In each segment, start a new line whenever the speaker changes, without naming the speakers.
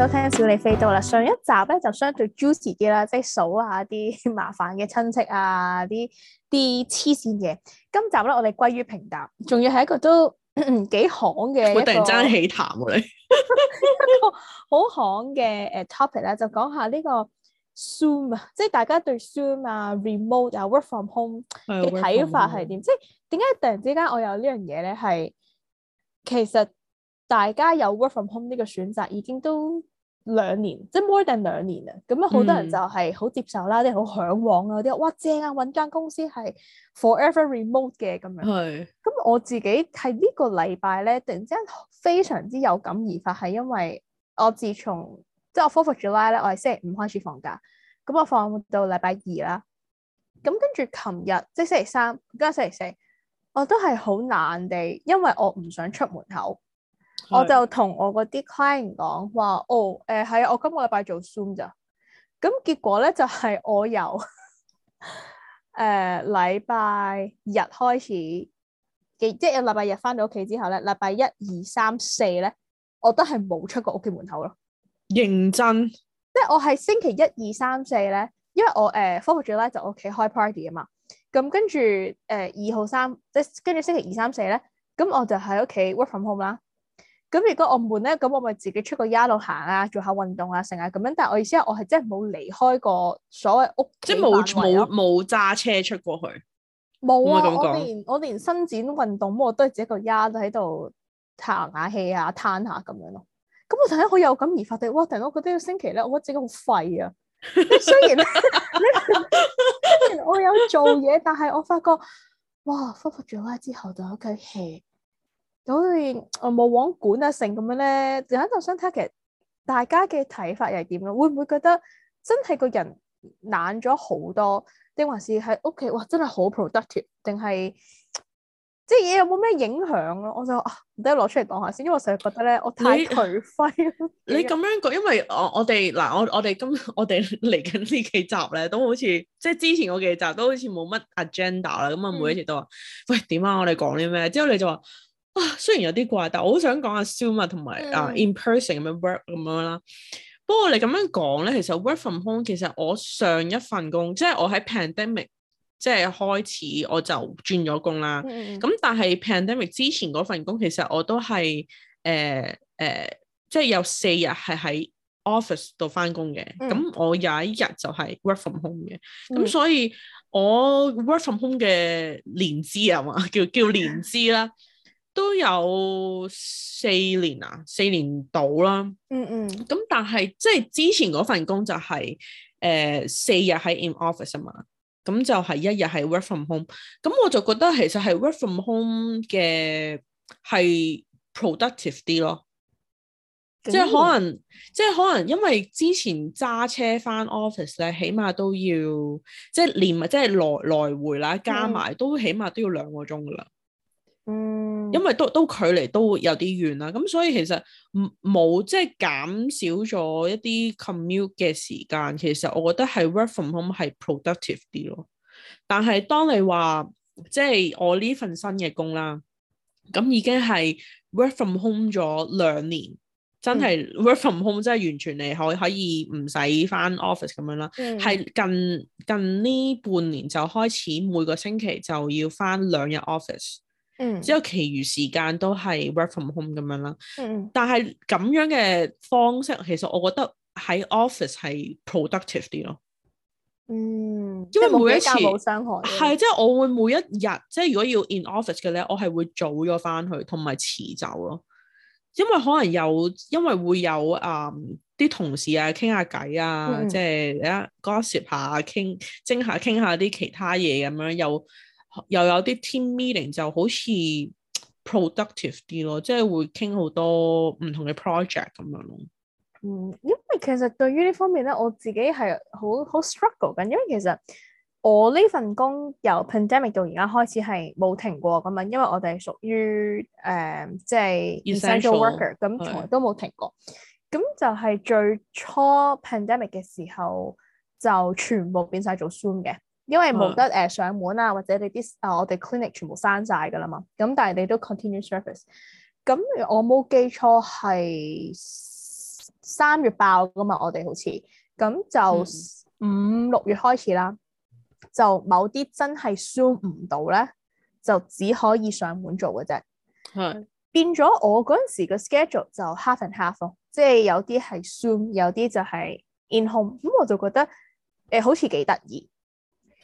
收聽小李飛刀啦，上一集咧就相對 juicy 啲啦，即係數下啲麻煩嘅親戚啊，啲啲黐線嘢。今集咧，我哋歸於平淡，仲要係一個都幾行嘅。 行我突然間起
痰喎，你
一個好行嘅誒 topic 咧，就講下呢個 Zoom 啊，即係大家對 Zoom 啊、remote 啊、work from home 嘅睇、哎、呦法係點，啊、即係點解突然之間我有呢樣嘢咧？係其實大家有 work from home 呢個選擇已經都。兩年，即係 more than 兩年啦。咁啊，好多人就係好接受啦，啲人好嚮往啊，啲話哇正啊，搵間公司係 forever remote 嘅咁樣。係是。咁、嗯、我自己係呢個禮拜咧，突然之間非常之有感而發，係因為我自從即係我 fourth July 咧，我係星期五開始放假，咁我放到禮拜二啦。咁跟住琴日即係星期三加星期四，我都係好懶地，因為我唔想出門口。我就同我嗰啲 client 講話，哦，誒、呃、係、啊，我今個禮拜做 zoom 咋，咁、嗯、結果咧就係、是、我由誒禮拜日開始，即係禮拜日返到屋企之後咧，禮拜一二三四咧，我都係冇出過屋企門口咯。認真，即係我係星期一二三四咧，因為我誒復活節咧就屋企開 party 啊嘛，咁跟住誒二號三，即係跟住星期二三四咧，咁我就喺屋企 work from home 啦。啦啦啦啦。咁如果我悶咧，咁我咪自己出個 yard 行啊，做下運動啊，成日咁樣。但係我意思係，我係真係冇離開過所謂屋，即係冇冇
冇揸車出過去。
冇啊！我連我連伸展運動，我都係自己個 yard 都喺度行下氣啊，攤下咁樣咯。咁我突然好有感而發地，哇！突然我覺得呢個星期咧，我覺得自己好廢啊。雖然雖然我有做嘢，但係我發覺，哇！恢復咗啦之後氣，就一吸氣。就好似我冇往管啊，剩咁樣咧，就喺度想睇下，其實大家嘅睇法又係點咯？會唔會覺得真係個人懶咗好多，定還是喺屋企哇，真係好 productive，定係即係嘢有冇咩影響咯？我就啊唔得攞出嚟講下先，因為我成日覺得咧，我太頹廢。你
咁 你 樣講，因為我我哋嗱，我我哋今我哋嚟緊呢幾集咧，都好似即係之前嗰幾集都好似冇乜 agenda 啦。咁啊，每一次都話、嗯、喂點啊，我哋講啲咩？之後你就話。啊，雖然有啲怪，但我好想講下 Zoom 啊，同埋啊，mm. 啊，in-person 咁樣 work 咁樣啦。不過你咁樣講咧，其實 work from home，其實我上一份工，即係我喺 pandemic 即係開始我就轉咗工啦。咁、mm. 但係 pandemic 之前嗰份工，其實我都係誒誒，即係有四日係喺 office 度返工嘅。咁、mm. 我有一日就係 work from home 嘅。咁、mm. 所以我 work from home 嘅年資啊嘛，叫叫年資啦。Mm. 都有四年啊，四年到啦。嗯嗯。咁但係即係之前嗰份工就係、是、誒、呃、四日喺 in office 啊嘛，咁就係一日係 work from home。咁我就覺得其實係 work from home 嘅係 productive 啲咯。即係、嗯嗯、可能，即、就、係、是、可能因為之前揸車翻 office 咧，起碼都要即係、就是、連即係、就是、來來回啦，加埋、嗯、都起碼都要兩個鐘噶啦。嗯，因為都都距離都會有啲遠啦，咁所以其實冇即係減少咗一啲 commute 嘅時間。其實我覺得係 work from home 係 productive 啲咯。但係當你話即係我呢份新嘅工啦，咁已經係 work from home 咗兩年，真係 work from home 真係、嗯、完全你可可以唔使翻 office 咁樣啦。係、嗯、近近呢半年就開始每個星期就要翻兩日 office。之後，嗯、其餘時間都係 work from home 咁樣啦。嗯，但係咁樣嘅方式，其實我覺得喺 office 係 productive 啲咯。嗯，
因為每一次冇傷害。係，即係我會
每一日，即係如果要 in office 嘅咧，我係會早咗返去，同埋遲走咯。因為可能有，因為會有啊啲、嗯、同事啊傾下偈啊，即係一 gossip 下，傾傾下傾下啲其他嘢咁樣又。又有啲 team meeting 就好似 productive 啲咯，即係會傾好多唔同嘅 project 咁樣咯。嗯，
因為其實對於呢方面咧，我自己係好好 struggle 緊，因為其實我呢份工由 pandemic 到而家開始係冇停過咁樣，因為我哋係屬於誒、呃、即係 essential worker，咁從來都冇停過。咁就係最初 pandemic 嘅時候，就全部變晒做 Zoom 嘅。因為冇得誒上門啊，或者你啲、嗯、啊，我哋 clinic 全部閂晒噶啦嘛，咁但係你都 continue service。咁我冇記錯係三月爆噶嘛，我哋好似咁就五六、嗯、月開始啦，就某啲真係 zoom 唔到咧，就只可以上門做嘅啫。係、嗯、變咗我嗰陣時嘅 schedule 就 half and half，咯，即係有啲係 zoom，有啲就係 in home。咁我就覺得誒、呃、好似幾得意。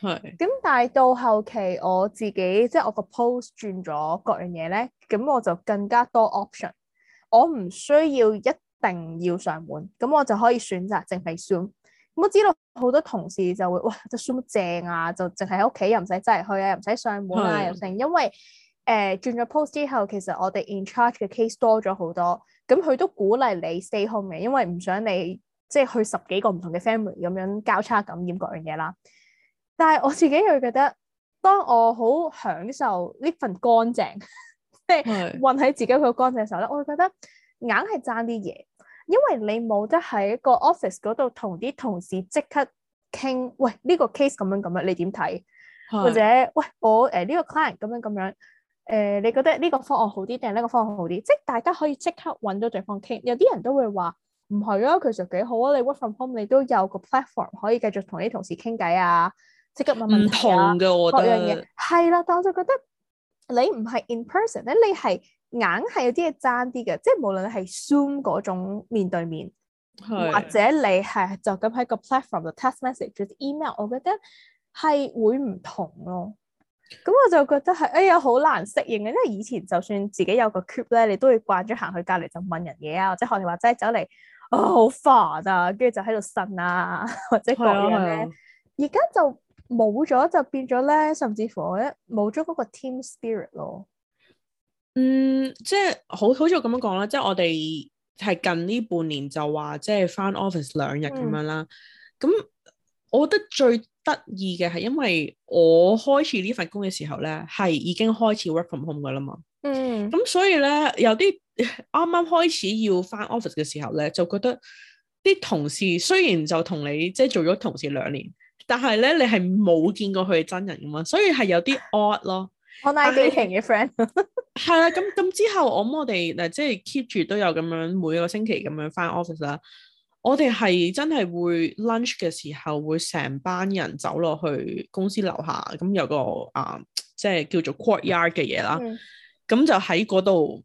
係，咁但係到後期我自己即係、就是、我個 post 轉咗各樣嘢咧，咁我就更加多 option，我唔需要一定要上門，咁我就可以選擇淨係 zoom。咁我知道好多同事就會哇，即係 zoom 正啊，就淨係喺屋企又唔使真係去啊，又唔使上門啊，又剩的。因為誒轉咗 post 之後，其實我哋 in charge 嘅 case 多咗好多，咁佢都鼓勵你 stay home 嘅，因為唔想你即係、就是、去十幾個唔同嘅 family 咁樣交叉感染各樣嘢啦。但係我自己又覺得，當我好享受呢份乾淨，即係混喺自己個乾淨嘅時候咧，我會覺得硬係爭啲嘢，因為你冇得喺一個 office 嗰度同啲同事即刻傾，喂呢個 case 咁樣咁樣，你點睇？是的 或者喂我誒呢個 client 咁樣咁樣，誒、呃、你覺得呢個方案好啲定係呢個方案好啲？即係大家可以即刻搵到對方傾，有啲人都會話唔係啊，其實幾好啊，你 work from home 你都有個 platform 可以繼續同啲同事傾偈啊。即刻問問唔、啊、同嘅，我覺得係啦，但我就覺得你唔係 in person 咧，你係硬係有啲嘢爭啲嘅，即係無論你係 Zoom 嗰種面對面，的或者你係就咁喺個 platform 度 text message 的或者 email，的我覺得係會唔同咯。咁我就覺得係哎呀，好難適應嘅，因為以前就算自己有個 cube 咧，你都會慣咗行去隔籬就問人嘢、哦、啊，啊，或者學你話齋走嚟哦，好煩啊，跟住就喺度呻啊，或者講啲咩，而家就～冇咗就變咗咧，甚至乎我一冇咗嗰個 team spirit 咯。
嗯，即係好好似我咁樣講啦，即係我哋係近呢半年就話即係翻 office 兩日咁樣啦。咁、嗯、我覺得最得意嘅係，因為我開始呢份工嘅時候咧，係已經開始 work from home 噶啦嘛。嗯。咁所以咧，有啲啱啱開始要翻 office 嘅時候咧，就覺得啲同事雖然就同你即係做咗同事兩年。但係咧，你係冇見過佢真人噶嘛，所以係有啲 odd 咯。
我 dating 嘅 friend
係啦，咁咁之後，咁我哋嗱，即係 keep 住都有咁樣每個星期咁樣翻 office 啦。我哋係真係會 lunch 嘅時候，會成班人走落去公司樓下，咁有個啊，即係，呃，叫做 courtyard 嘅嘢啦。咁 就喺嗰度。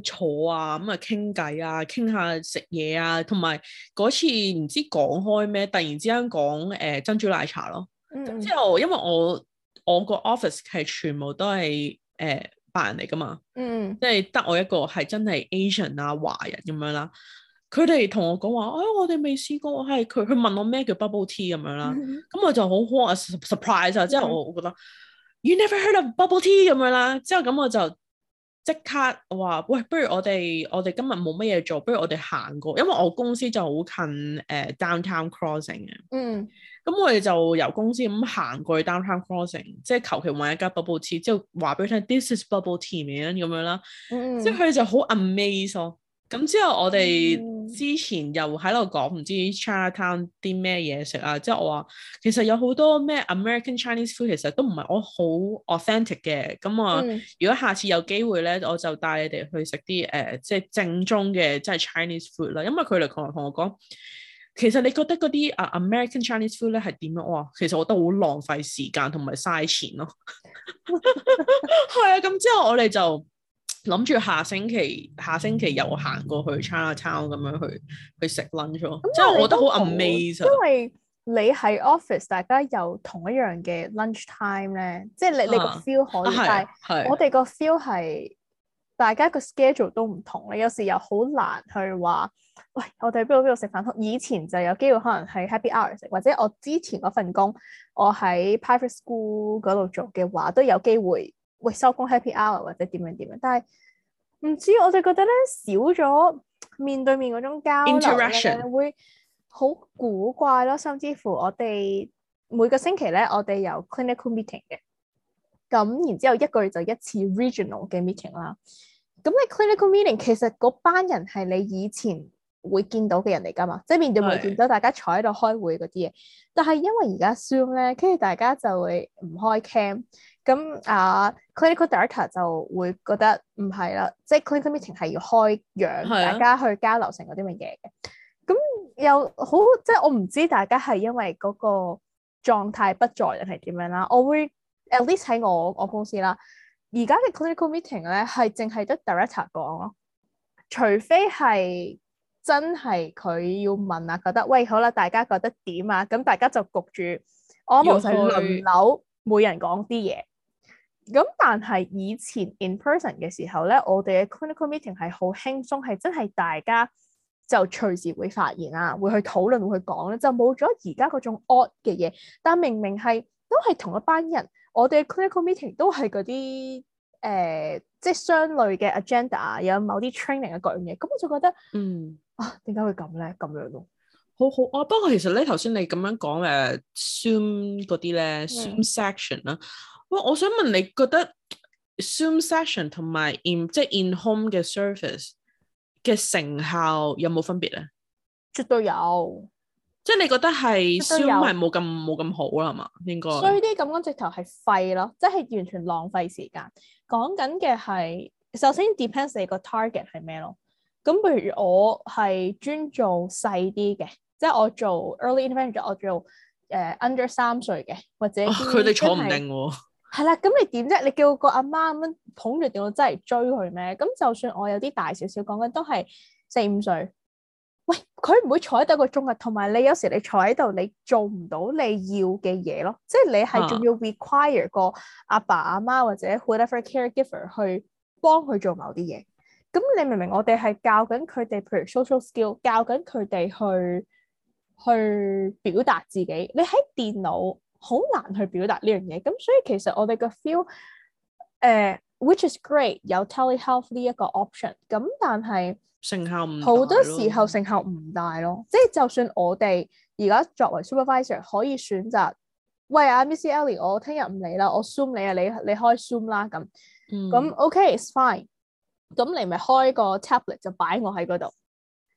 坐啊，咁啊傾偈啊，傾下食嘢啊，同埋嗰次唔知講開咩，突然之間講誒、呃、珍珠奶茶咯。
Mm hmm. 之後，
因為我我個 office 係全部都係誒、呃、白人嚟噶嘛，即係得我一個係真係 Asian 啊華人咁樣啦。佢哋同我講話，哎我哋未試過，係佢佢問我咩叫 bubble tea 咁樣啦。咁、mm hmm. 我就好好啊 surprise 啊！之後我我覺得、mm hmm. you never heard of bubble tea 咁樣啦。之後咁我就。即刻我話喂，不如我哋我哋今日冇乜嘢做，不如我哋行過，因為我公司就好近誒、uh, Downtown Crossing 嘅。嗯，咁我哋就由公司咁行過去 Downtown Crossing，即係求其揾一間 bubble tea，之後話俾佢聽，this is bubble tea 咁樣啦。嗯、即係佢就好 amaze 咯。咁、嗯、之後，我哋之前又喺度講唔知 Chinatown 啲咩嘢食啊，即係我話其實有好多咩 American Chinese food 其實都唔係我好 authentic 嘅。咁啊，嗯、如果下次有機會咧，我就帶你哋去食啲誒即係正宗嘅即係 Chinese food 啦。因為佢嚟講同我講，其實你覺得嗰啲啊 American Chinese food 咧係點樣？我話其實我覺得好浪費時間同埋嘥錢咯。係啊，咁之後我哋就。諗住下星期，下星期又行過去餐下餐咁樣去去食 lunch 咯，即係你我覺得好 amazing，因
為你喺 office，大家有同一樣嘅 lunch time 咧，啊、即係你你個 feel 可以，但係我哋個 feel 係大家個 schedule 都唔同咧，有時又好難去話喂，我哋邊度邊度食飯，以前就有機會可能喺 happy hour 食，或者我之前嗰份工我喺 private school 嗰度做嘅話都有機會。會，收工 Happy Hour 或者點樣點樣，但係唔知我就覺得咧，少咗面對面嗰種交流咧，Interaction. 會好古怪咯。甚至乎我哋每個星期咧，我哋有 clinical meeting 嘅，咁然之後一個月就一次 regional 嘅 meeting 啦。咁你 clinical meeting 其實嗰班人係你以前會見到嘅人嚟噶嘛，即係面對面見到是大家坐喺度開會嗰啲嘢。但係因為而家 Zoom 咧，跟住大家就會唔開 cam。咁啊、uh，clinical director 就會覺得唔係啦，即係 clinical meeting 係要開，讓大家去交流成嗰啲乜嘢嘅。咁、啊、又好即係我唔知大家係因為嗰個狀態不在定係點樣啦。我會 at least 喺我我公司啦，而家嘅 clinical meeting 咧係淨係得 director 講咯，除非係真係佢要問啊，覺得喂好啦，大家覺得點啊？咁大家就焗住，我冇就輪流每人講啲嘢。咁但係以前 in person 嘅時候咧，我哋嘅 clinical meeting 係好輕鬆，係真係大家就隨時會發現啊，會去討論，會去講咧，就冇咗而家嗰種 odd 嘅嘢。但明明係都係同一班人，我哋 clinical meeting 都係嗰啲誒，即係相類嘅 agenda 啊，有某啲 training 啊各樣嘢。咁我就覺得，嗯啊，點解會咁咧？咁樣咯，
好好啊。不過其實咧，頭先你咁樣講誒，zoom 嗰啲咧，zoom section 啦。我我想問你覺得 Zoom session 同埋 in 即係 in home 嘅 service 嘅成效有冇分別咧？
絕對有。即係你覺得係 Zoom 係冇
咁冇咁好啦，係嘛？應該。衰啲
咁講直頭係廢咯，即係完全浪費時間。講緊嘅係首先 depends 你個 target 係咩咯？咁譬如我係專做細啲嘅，即係我做 early intervention，我做誒 under 三歲嘅，或者佢哋、啊、坐唔定喎。為 係啦，咁、嗯、你點啫？你叫個阿媽咁樣捧住電腦即係追佢咩？咁就算我有啲大少少講緊都係四五歲。喂，佢唔會坐喺度一個鐘噶。同埋你有時你坐喺度，你做唔到你要嘅嘢咯。即係你係仲要 require 個阿爸阿媽，媽或者 whatever caregiver 去幫佢做某啲嘢。咁你明唔明我哋係教緊佢哋，譬如 social skill，教緊佢哋去去表達自己。你喺電腦。好難去表達呢樣嘢，咁所以其實我哋個 feel，誒、uh，which is great 有 telehealth 呢一個 option，咁但係
成效唔好，多時候
成效唔大咯，即係 就算我哋而家作為 supervisor 可以選擇，喂啊 Miss Ellie，我聽日唔理啦，我 zoom 你啊，你你開 zoom 啦咁，咁、嗯、OK it's fine，咁你咪開個 tablet 就擺我喺嗰度，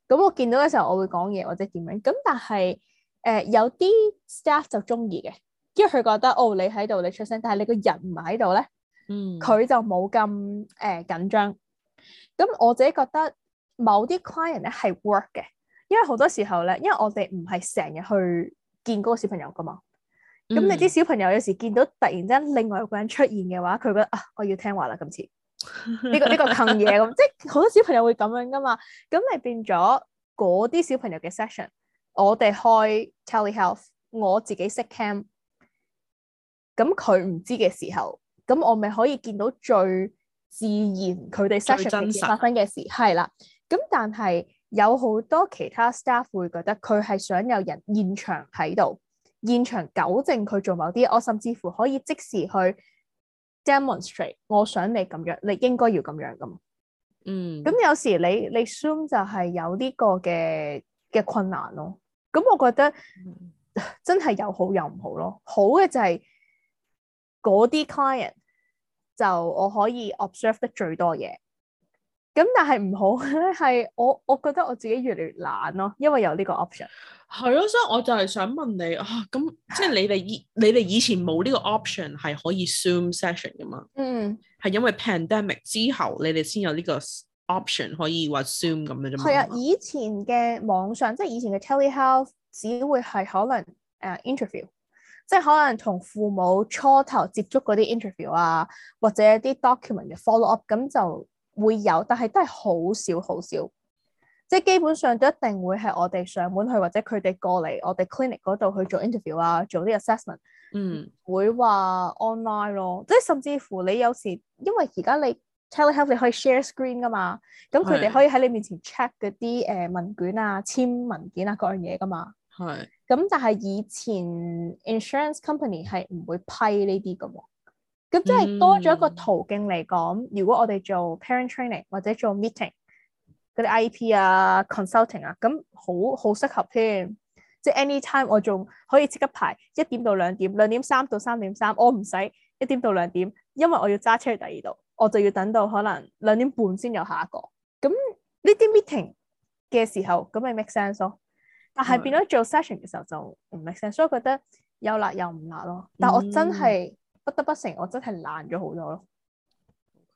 咁我見到嘅時候我會講嘢或者點樣，咁但係誒、呃、有啲 staff 就中意嘅。因為佢覺得哦，你喺度，你出聲，但係你個人唔喺度咧，嗯，佢就冇咁誒緊張。咁我自己覺得某啲 client 咧係 work 嘅，因為好多時候咧，因為我哋唔係成日去見嗰個小朋友噶嘛。
咁、嗯、你啲小
朋友有時見到突然間另外一個人出現嘅話，佢覺得啊，我要聽話啦，今次呢個呢個坑嘢咁， 即係好多小朋友會咁樣噶嘛。咁咪變咗嗰啲小朋友嘅 session，我哋開 telehealth，我自己識 cam。咁佢唔知嘅時候，咁我咪可以見到最自然佢哋 searching 發生嘅事，係啦。咁但係有好多其他 staff 會覺得佢係想有人現場喺度，現場糾正佢做某啲，我甚至乎可以即時去 demonstrate，我想你咁樣，你應該要咁樣咁。嗯。咁有時你你 assume 就係有呢個嘅嘅困難咯。咁我覺得真係有好有唔好咯。好嘅就係、是。嗰啲 client 就我可以 observe 得最多嘢，咁但係唔好咧，係我我覺得我自己越嚟越懶咯，因為有呢個 option。係，咯，所以我就係
想問你啊，咁即係你哋以的你哋以前冇呢個 option 係可以 Zoom session 噶嘛？嗯，係因為 pandemic 之後，你哋先有呢個 option 可以話 Zoom 咁樣啫嘛。係啊，
以前嘅網上即係以前嘅 telehealth 只會係可能誒 interview。即係可能同父母初頭接觸嗰啲 interview 啊，或者一啲 document 嘅 follow up，咁就會有，但係都係好少好少。即係基本上都一定會係我哋上門去，或者佢哋過嚟我哋 clinic 嗰度去做 interview 啊，做啲 assessment。嗯，會話 online 咯，即係甚至乎你有時，因為而家你 telehealth 你可以 share screen 噶嘛，咁佢哋可以喺你面前 check 嗰啲誒問卷啊、簽文件啊各樣嘢噶嘛。係。咁但係以前 insurance company 係唔會批呢啲㗎喎，咁即係多咗一個途徑嚟講。嗯、如果我哋做 parent training 或者做 meeting 嗰啲 IP 啊、consulting 啊，咁好好適合添。即、就、係、是、anytime 我仲可以即刻排一點到兩點，兩點三到三點三，我唔使一點到兩點，因為我要揸車去第二度，我就要等到可能兩點半先有下一個。咁呢啲 meeting 嘅時候，咁咪 make sense 咯、哦。但係變咗做 session 嘅時候就唔理想，所以我覺得又辣又唔辣咯。但係我真係不得不承認我真係懶咗好多咯。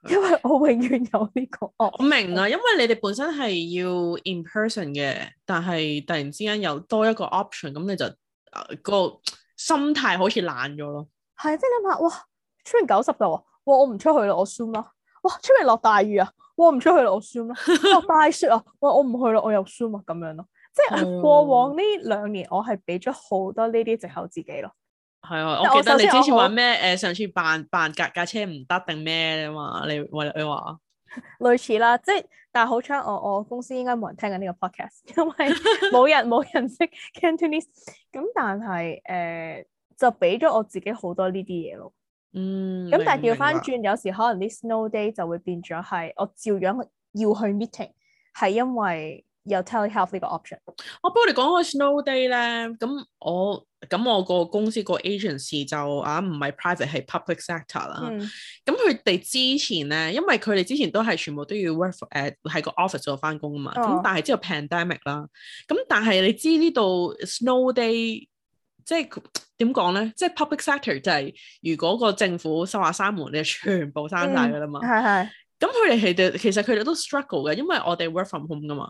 因為我永遠有呢、這個惡。哦、我
明啊，我因為你哋本身係要 in person 嘅，但係突然之間有多一個 option，咁你就、呃那個心態好似懶咗咯。
係即係諗下，哇，出面九十度，哇，我唔出去啦，我 Zoom 哇，出面落大雨啊，我唔出去啦，我 Zoom 哇，大雪啊，哇，我唔去啦，我又 Zoom 啊。」咁樣咯。即係過往呢兩年，我係俾咗好多呢啲藉口自己咯。係
啊，我記得你之前話咩？誒，上次辦辦架架車唔得定咩啊嘛？你你你話
類似啦，即係但係好彩，我我公司應該冇人聽緊呢個 podcast，因為冇人冇人識 Cantonese。咁但係誒，就俾咗我自己好多呢啲嘢咯。嗯。咁但係調返轉，有時可能啲 snow day 就會變咗係我照樣要去 meeting，係因為。有 telehealth 呢個 option。
我不過你講開 snow day 咧，咁我咁我個公司個 agency 就啊，唔係 private 係 public sector 啦。咁佢哋之前咧，因為佢哋之前都係全部都要 work 誒，喺個 office 度返工啊嘛。咁但係之後 pandemic 啦。咁但係你知呢度 snow day 即係點講咧？即係 public sector 就係如果個政府收下閂門，你全部閂晒㗎啦嘛。係係。咁佢哋係，其實佢哋都 struggle 嘅，因為我哋 work from home 㗎嘛。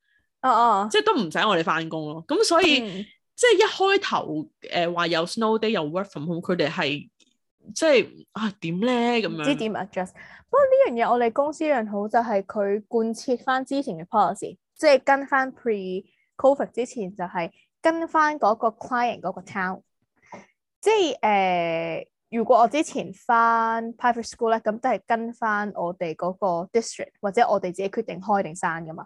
哦哦，即係都唔使我哋翻工咯，咁所以、嗯、即係一開頭誒話有 snow day 又 work from home，佢哋係即係啊點咧咁樣？知點
adjust？不過呢樣嘢我哋公司一樣好就係佢貫徹翻之前嘅 policy，即係跟翻 pre covid 之前就係、是、跟翻嗰個 client 嗰個 town，即係誒、呃、如果我之前翻 private school 咧，咁都係跟翻我哋嗰個 district 或者我哋自己決定開定散噶嘛。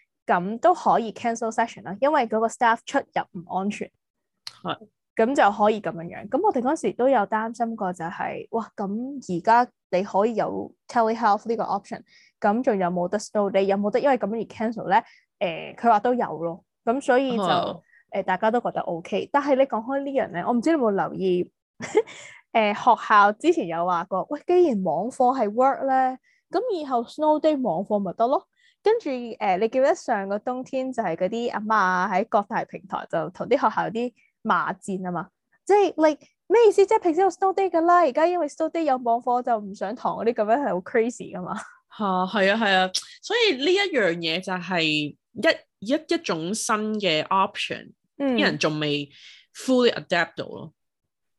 咁都可以 cancel session 啦，因為嗰個 staff 出入唔安全，係咁的就可以咁樣樣。咁我哋嗰時都有擔心過、就是，就係哇，咁而家你可以有 telehealth 呢個 option，咁仲有冇得 snow day？有冇得因為咁而 cancel 咧？誒、呃，佢話都有咯，咁所以就誒、哦呃、大家都覺得 O K。但係你講開呢樣咧，我唔知你有冇留意誒、 呃、學校之前有話過，喂，既然網課係 work 咧，咁以後 snow day 網課咪得咯？跟住誒、呃，你記得上個冬天就係嗰啲阿媽喺各大平台就同啲學校有啲罵戰啊嘛，即係你咩意思？即係平時有 snow day 噶啦，而家因為 snow day 有網課就唔上堂嗰啲咁樣係好 crazy 噶嘛。
嚇係啊係啊，啊，啊，所以呢一樣嘢就係一一一種新嘅 option，啲、嗯、人仲未 fully adapt 到咯。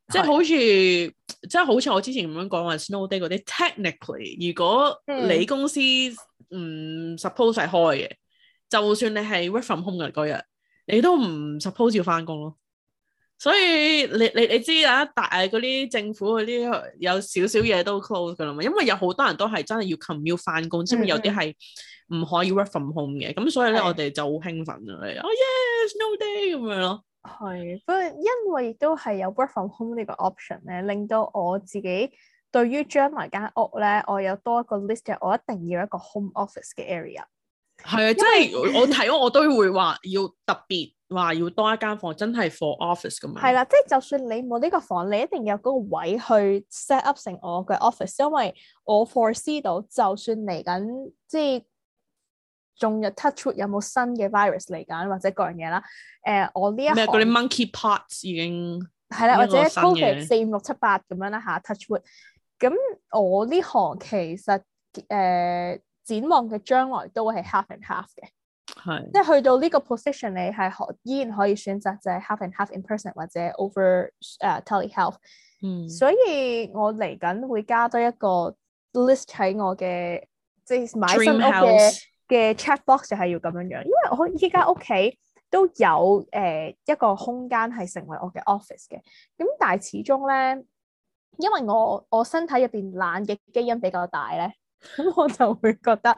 嗯、即係好似是即係好似我之前咁樣講話 snow day 嗰啲 technically，如果你公司、嗯。唔 suppose 係開嘅，就算你係 work from home 嘅嗰日，你都唔 suppose 要翻工咯。所以你你你知啊，大嗰啲政府嗰啲有少少嘢都 close 噶啦嘛。因為有好多人都係真係要 commute 翻工，所以有啲係唔可以 work from home 嘅。咁所以咧，我哋就好興奮啊！哦、
oh，yes，no day 咁樣咯。係，不過因為亦都係有 work from home 呢個 option 咧，令到我自己。對於將來間屋咧，我有多一個 list 嘅，我一定要一個 home office 嘅 area 的。係啊為，即係我
睇我都會話要特別話要多一間房，真係 for office 咁樣。係啦，
即係就算你冇呢個房，你一定要有個位去 set up 成我嘅 office，因為我 foresee 到就算嚟緊即係仲有 touch wood 有冇新嘅 virus 嚟緊或者各樣嘢啦。誒、呃，我呢一咩嗰啲
monkey parts 已經係啦，的或者 f 嘅四五
六七八咁樣啦嚇 touch wood。咁我呢行其實誒、呃、展望嘅將來都係 half and half 嘅，係的即係去到呢個 position，你係可依然可以選擇就係 half and half in person 或者 over 誒、uh, telehealth。嗯，所以我嚟緊會加多一個 list 喺我嘅即係買新屋嘅嘅 Dream house. chat box 就係要咁樣樣，因為我依家屋企都有誒、呃、一個空間係成為我嘅 office 嘅，咁但係始終咧。因為我我身體入邊懶嘅基因比較大咧，咁 我就會覺得，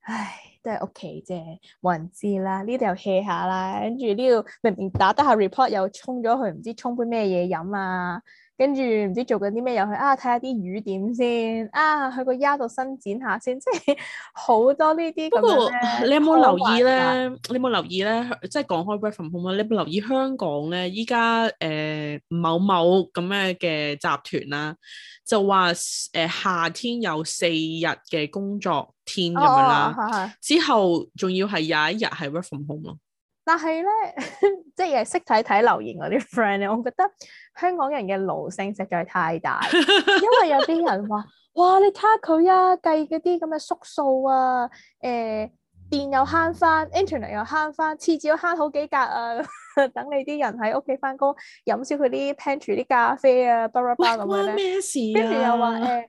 唉，都係屋企啫，冇人知啦，呢度又 hea 下啦，跟住呢度明明打得下 report 又衝咗去，唔知沖杯咩嘢飲啊。跟住唔知做緊啲咩又去啊，睇下啲魚點先啊，去個丫度伸展下先，即係好多呢啲。不過你有冇留意咧？
你有冇留意咧？即係講開 work from home 啊，你有冇留意香港咧？依家誒某某咁嘅嘅集團啦、啊，就話誒、呃、夏天有四日嘅工作天咁樣啦，哦、是是之後仲要係有一日係 work from home 咯。
但係咧，即 係識睇睇留言嗰啲 friend 咧，我覺得香港人嘅勞性實在太大， 因為有啲人話：哇！你睇下佢啊，計嗰啲咁嘅縮數啊，誒、欸，電又慳翻，internet 又慳翻，次至少慳好幾格啊！ 等你啲人喺屋企翻工飲少佢啲 pantry 啲咖啡啊，巴拉巴拉咁樣咧，咩事，跟住又話誒。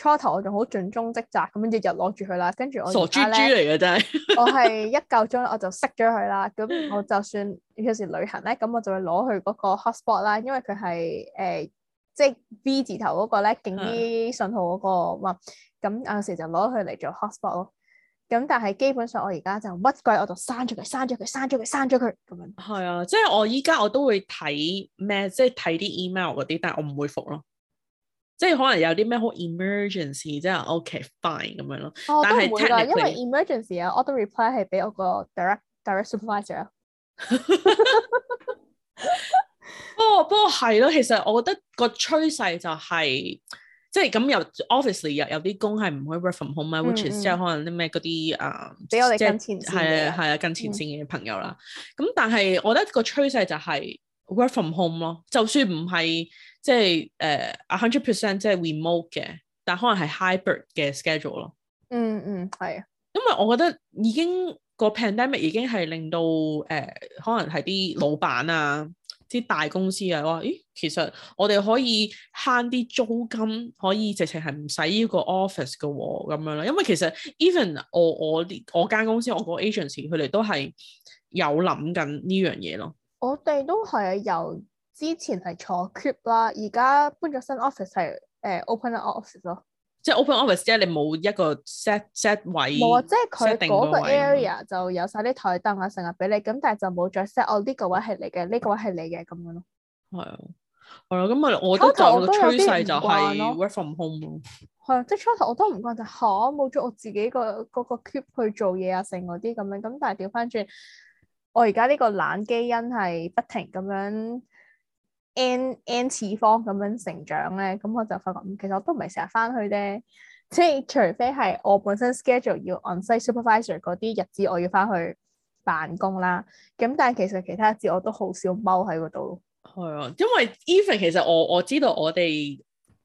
初頭我仲好盡忠職責咁樣日日攞住佢啦，跟住我傻豬豬嚟嘅真係。 我係一夠鐘我就熄咗佢啦，咁我就算有時旅行咧，咁我就會攞去嗰個 hotspot 啦，因為佢係誒即係 V 字頭嗰個咧勁啲信號嗰個嘛，咁、嗯、有時就攞佢嚟做 hotspot 咯。咁但係基本上我而家就乜鬼我就刪咗佢，刪咗佢，刪咗佢，刪咗佢咁樣。
係啊，即係我依家我都會睇咩，即係睇啲 email 嗰啲，但我唔會覆咯。即係可能有啲咩好 emergency，即係 OK fine 咁樣咯。但係因為
emergency 啊，我都 reply 係俾我個 direct direct supervisor。不過不過係咯，其
實我覺得個趨勢就係即係咁，又 officely 有有啲工係唔可以 work from home 啊，which is 即係可能啲咩嗰啲誒，俾我哋近前線嘅係係啊，近前線嘅朋友啦。咁但係我覺得個趨勢就係 work from home 咯，就算唔係。即係誒，a hundred percent 即係 remote 嘅，但可能係 hybrid 嘅 schedule
咯。嗯嗯，係、嗯。
因為我覺得已經、這個 pandemic 已經係令到誒、呃，可能係啲老闆啊、啲大公司啊話：咦，其實我哋可以慳啲租金，可以直情係唔使呢個 office 嘅喎咁樣咯。因為其實 even 我我我間公司我個 agency 佢哋都係有諗緊呢樣嘢咯。
我哋都係有。之前係坐 Cube 啦，而家搬咗新 office 係誒 open office 咯。
即係 open office 即係你冇一個 set set 位。冇啊，即係佢嗰個 area
就有晒啲台凳啊，成日俾你咁，但係就冇再、哦呢個呢個、set、嗯嗯。我呢個位係你嘅，呢個位係你嘅咁樣咯。
係啊，係咯，咁咪我覺得就個趨勢就係 work from home 咯、就
是。啊，即係初頭我都唔慣，就嚇冇咗我自己個嗰個 Cube 去做嘢啊，剩嗰啲咁樣。咁但係調翻轉，我而家呢個懶基因係不停咁樣。n n 次方咁樣成長咧，咁我就發覺，其實我都唔係成日翻去啫，即係除非係我本身 schedule 要 on site supervisor 嗰啲日子，我要翻去辦公啦。咁但係其實其他日子我都好少踎喺嗰度。
係啊，因為 even 其實我我知道我哋。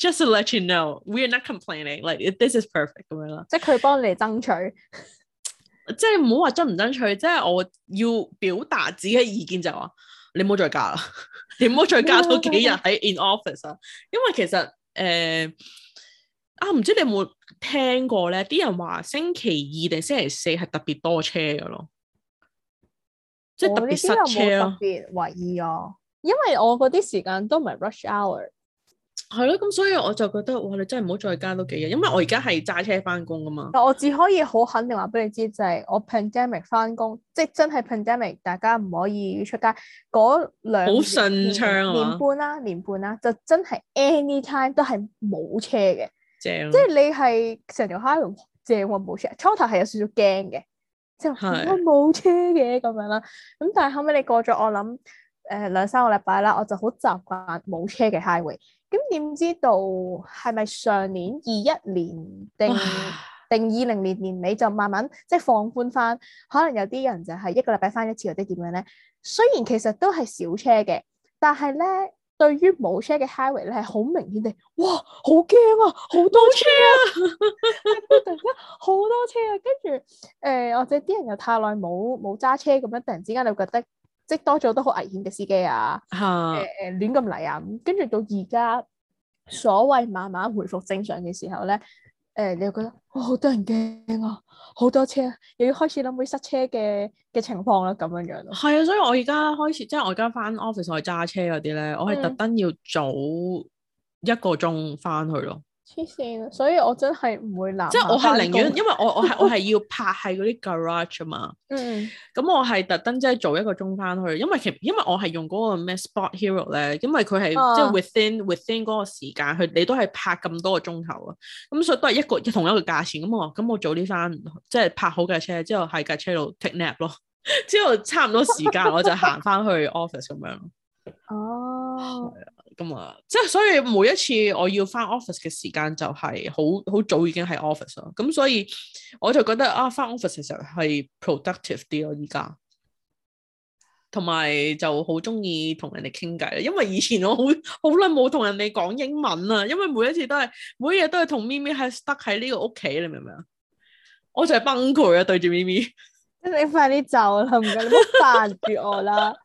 Just to let you know, we're a not complaining. Like this is perfect 咁樣咯。 即
係佢幫你哋爭取，
即係唔好話爭唔爭取。即係我要表達自己嘅意見就係話，你唔好再加啦， 你唔好再加多幾日喺 in office 啊。 因為其實誒、呃，啊唔知你有冇聽過咧？啲人話星期二定星期四係特別多車嘅咯，即係特別塞車，有冇特別懷
疑啊？因為我嗰啲時間都唔係 rush hour。
係咯，咁所以我就覺得哇，你真係唔好再加多幾日，因為我而家係揸車翻工噶嘛。但
我只可以好肯定話俾你知，就係、是、我 pandemic 翻工，即係真係 pandemic，大家唔可以出街嗰兩年半啦、啊，年半啦、啊啊，就真係 any time 都係冇車嘅。正，即係你係成條街都正喎冇車。初頭係有少少驚嘅，即係冇是車嘅咁樣啦、啊。咁但係後尾你過咗，我諗。誒，兩三個禮拜啦，我就好習慣冇車嘅 highway。咁點知道係咪上年二一年定定二零年年尾就慢慢即係、就是、放寬翻？可能有啲人就係一個禮拜翻一次，或者點樣咧？雖然其實都係少車嘅，但係咧，對於冇車嘅 highway 咧，係好明顯地，哇，好驚啊，好多車啊！突然間好多車啊，跟住誒，或者啲人又太耐冇冇揸車，咁樣突然之間你會覺得。即多咗都好危險嘅司機啊！誒誒的、呃、亂咁嚟啊！跟住到而家所謂慢慢回復正常嘅時候咧，誒、呃、你又覺得哇好多人驚啊！好多車、啊、又要開始諗會塞車嘅嘅情況啦、啊，咁樣樣。
係啊，所以我而家開始，即係我而家翻 office 去揸車嗰啲咧，我係特登要早一個鐘翻去咯。
黐線，所以我真係唔會鬧，即係我係寧願，因為我我係我係
要拍喺嗰啲 garage 啊嘛。嗯。咁我係特登即係做一個鐘翻去，因為其因為我係用嗰個咩 spot hero 咧，因為佢係即係 within within 嗰個時間去，你都係拍咁多個鐘頭啊。咁所以都係一個同一個價錢。咁我咁我早啲翻，即係拍好架車之後喺架車度 take nap 咯。 之後差唔多時間 我就行翻去 office 咁樣。哦、啊。 咁啊，即係所以每一次我要翻 office 嘅時間就係好好早已經喺 office 咯，咁所以我就覺得啊，翻 office 嘅時候係 productive 啲咯，依家同埋就好中意同人哋傾偈，因為以前我好好耐冇同人哋講英文啊，因為每一次都係每日都係同咪咪 stuck 喺呢個屋企，你明唔明啊？我就係崩潰啊，對住咪咪，
你快啲走啦，唔該，你唔好煩住我啦。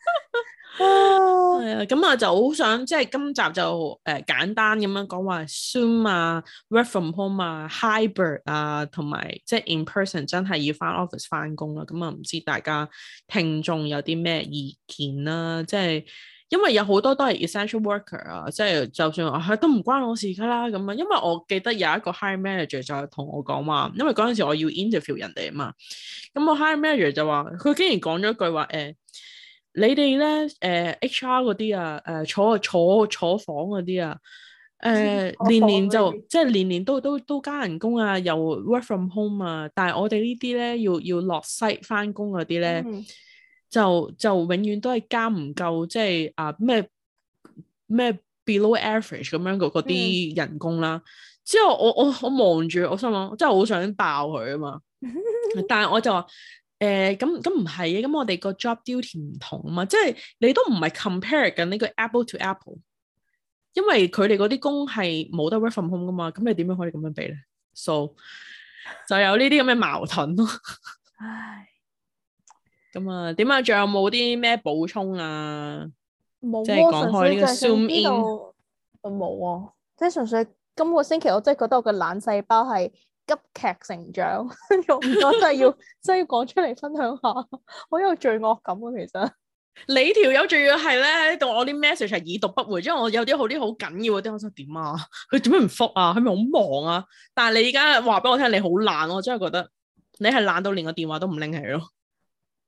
係啊，咁啊、oh. 就好想即係今集就誒、呃、簡單咁樣講話，zoom 啊，work from home 啊，hybrid 啊，同埋即係 in person 真係要翻 office 翻工啦。咁啊唔知大家聽眾有啲咩意見啦、啊？即係因為有好多都係 essential worker 啊，即係就算、啊、都唔關我事噶啦咁啊。因為我記得有一個 hire manager 就同我講話，嗯、因為嗰陣時我要 interview 人哋啊嘛。咁個 hire manager 就話佢竟然講咗句話誒。欸你哋咧，誒、呃、HR 嗰啲啊，誒、呃、坐坐坐房嗰啲啊，誒、呃、年年就即係年年都都都加人工啊，又 work from home 啊，但係我哋呢啲咧要要落 site 翻工嗰啲咧，就就永遠都係加唔夠，即、就、係、是、啊咩咩 below average 咁樣嗰嗰啲人工啦、啊。嗯、之後我我我望住我心諗，真係好想爆佢啊嘛！ 但係我就話。誒，咁咁唔係嘅，咁我哋個 job duty 唔同啊嘛，即係你都唔係 compare 緊呢個 apple to apple，因為佢哋嗰啲工係冇得 work from home 噶嘛，咁你點樣可以咁樣比咧？So 就有呢啲咁嘅矛盾咯。咁 唉啊，點啊？仲有冇啲咩補充啊？啊
即係講開呢個 zoom in，我冇啊！即係純粹今個星期，我真係覺得我個懶細胞係。急劇成長，用我唔該真係要真係要講出嚟分享下，好有罪惡感啊！其實
你條友仲要係咧，對我啲 message 係已讀不回，即係我有啲好啲好緊要嗰啲，我想點啊？佢做咩唔覆啊？係咪好忙啊？但係你而家話俾我聽，你好懶，我真係覺得你係懶到連個電話都唔拎起咯。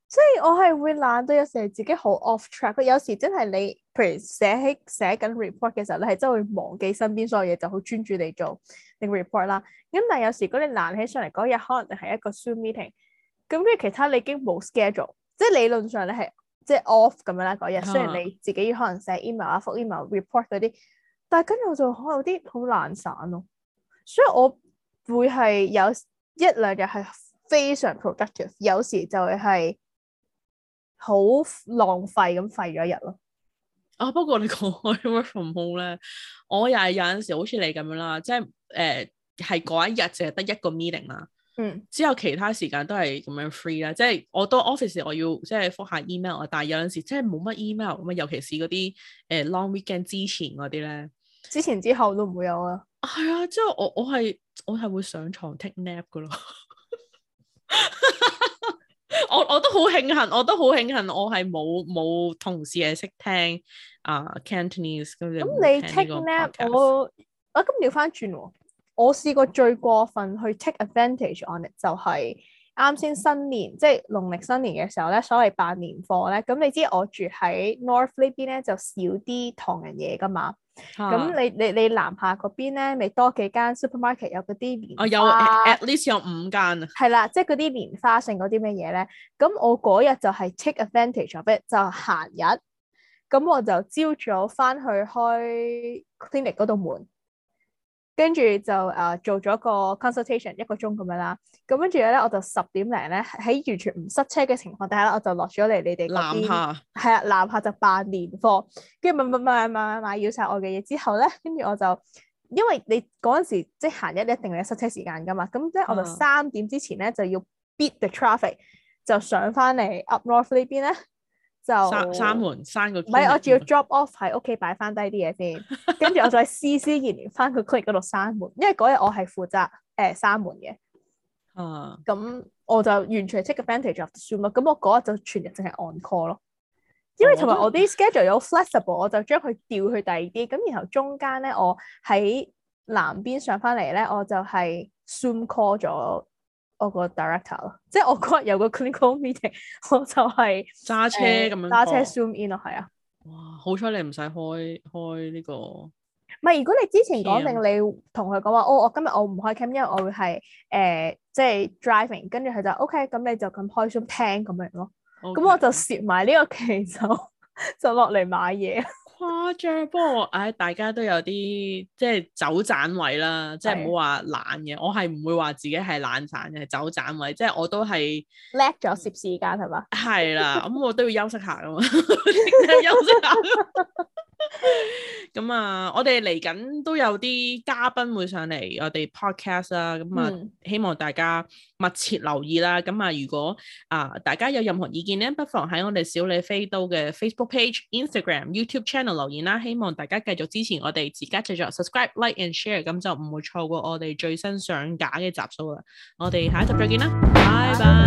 所以我係會懶到有時自己好 off track。佢有時真係你，譬如寫起寫緊 report 嘅時候，你係真會忘記身邊所有嘢，就好專注你做你 report 啦。咁但係有時如果你懶起上嚟嗰、那個、日，可能就係一個 zoom meeting，咁跟住其他你已經冇 schedule，即係理論上你係即係 off 咁樣啦。嗰、那個、日、嗯、雖然你自己可能寫 email 啊，覆 email、report 嗰啲，但係跟住我就可能有啲好懶散咯、啊。所以我會係有一兩日係非常 productive，有時就係、是。好浪費咁廢咗一日咯。
啊，不過你講開 work from home 咧，我又係有陣時好似你咁樣啦，即係誒係嗰一日淨係得一個 meeting 啦。嗯。之後其他時間都係咁樣 free 啦，即係我當 office 我要即係覆下 email 啊 em，但係有陣時即係冇乜 email 咁啊，尤其是嗰啲誒 long weekend 之前嗰啲咧。
之前之後都唔會有啊。係啊，之後、啊就是、我我係我係會上
床 take nap 噶咯。 我我都好慶幸，我都好慶幸我，我係冇冇同事係識聽啊 Cantonese 咁。咁你 take 呢？我
啊咁調翻轉喎，我試過最過分去 take advantage on it 就係啱先新年，即係農曆新年嘅時候咧，所謂辦年貨咧。咁你知我住喺 North 呢邊咧，就少啲唐人嘢噶嘛。咁、啊、你你你南下嗰邊咧，咪多幾間 supermarket 有嗰啲蓮花啊，at
least 有五間
啊，係啦，即係嗰啲蓮花性嗰啲咩嘢咧，咁我嗰日就係 take advantage of it，就閒日，咁我就朝早翻去開 clinic 嗰度門。跟住就誒做咗個 consultation 一個鐘咁樣啦，咁跟住咧我就十點零咧喺完全唔塞車嘅情況底下，我就落咗嚟你哋南下，係啊，南下就辦年貨，跟住咪咪咪咪咪咪要曬我嘅嘢之後咧，跟住我就因為你嗰陣時即行一一定係塞車時間噶嘛，咁即係我就三點之前咧就要 beat the traffic 就上翻嚟 up north 呢邊咧。就閂閂門閂唔係我仲要 drop off 喺屋企擺翻低啲嘢先，跟住 我再 cc 然然翻去 clinic 嗰度閂門，因為嗰日我係負責誒閂、呃、門嘅。嗯、啊。咁我就完全 take advantage of zoom 咯，咁我嗰日就全日淨係 on call 咯。因為同埋我啲 schedule 有 flexible，我就將佢調去第二啲，咁然後中間咧我喺南邊上翻嚟咧，我就係 zoom call 咗。我個 director 咯，即係我嗰日有個 clinical meeting，我就係、是、揸車咁樣揸車 zoom in 咯，係啊！哇，
好彩你唔使開開呢、這個。
唔係，如果你之前講定的你同佢講話，我今我今日我唔開 cam，因為我會係誒、呃、即係 driving，跟住佢就 OK，咁你就咁開心聽咁樣咯。咁我就攝埋呢個騎手， 就落嚟買嘢。誇張，不過
唉，大家都有啲即係走賺位啦，是即係唔好話懶嘅。我係唔會話自己係懶散嘅，係走盞位，即係我都係叻咗，蝕時間係嘛？係啦、嗯，咁吧我都要休息下噶嘛，
休息下。
咁啊，我哋嚟緊都有啲嘉賓會上嚟我哋 podcast 啦，咁啊，希望大家密切留意啦。咁啊，如果啊大家有任何意見咧，不妨喺我哋小李飛刀嘅 Facebook page、Instagram、YouTube channel，留言啦，啊，希望大家繼續支持我哋自家製作 subscribe、like and share，咁就唔會錯過我哋最新上架嘅集數啦。我哋下一集再見啦，拜拜。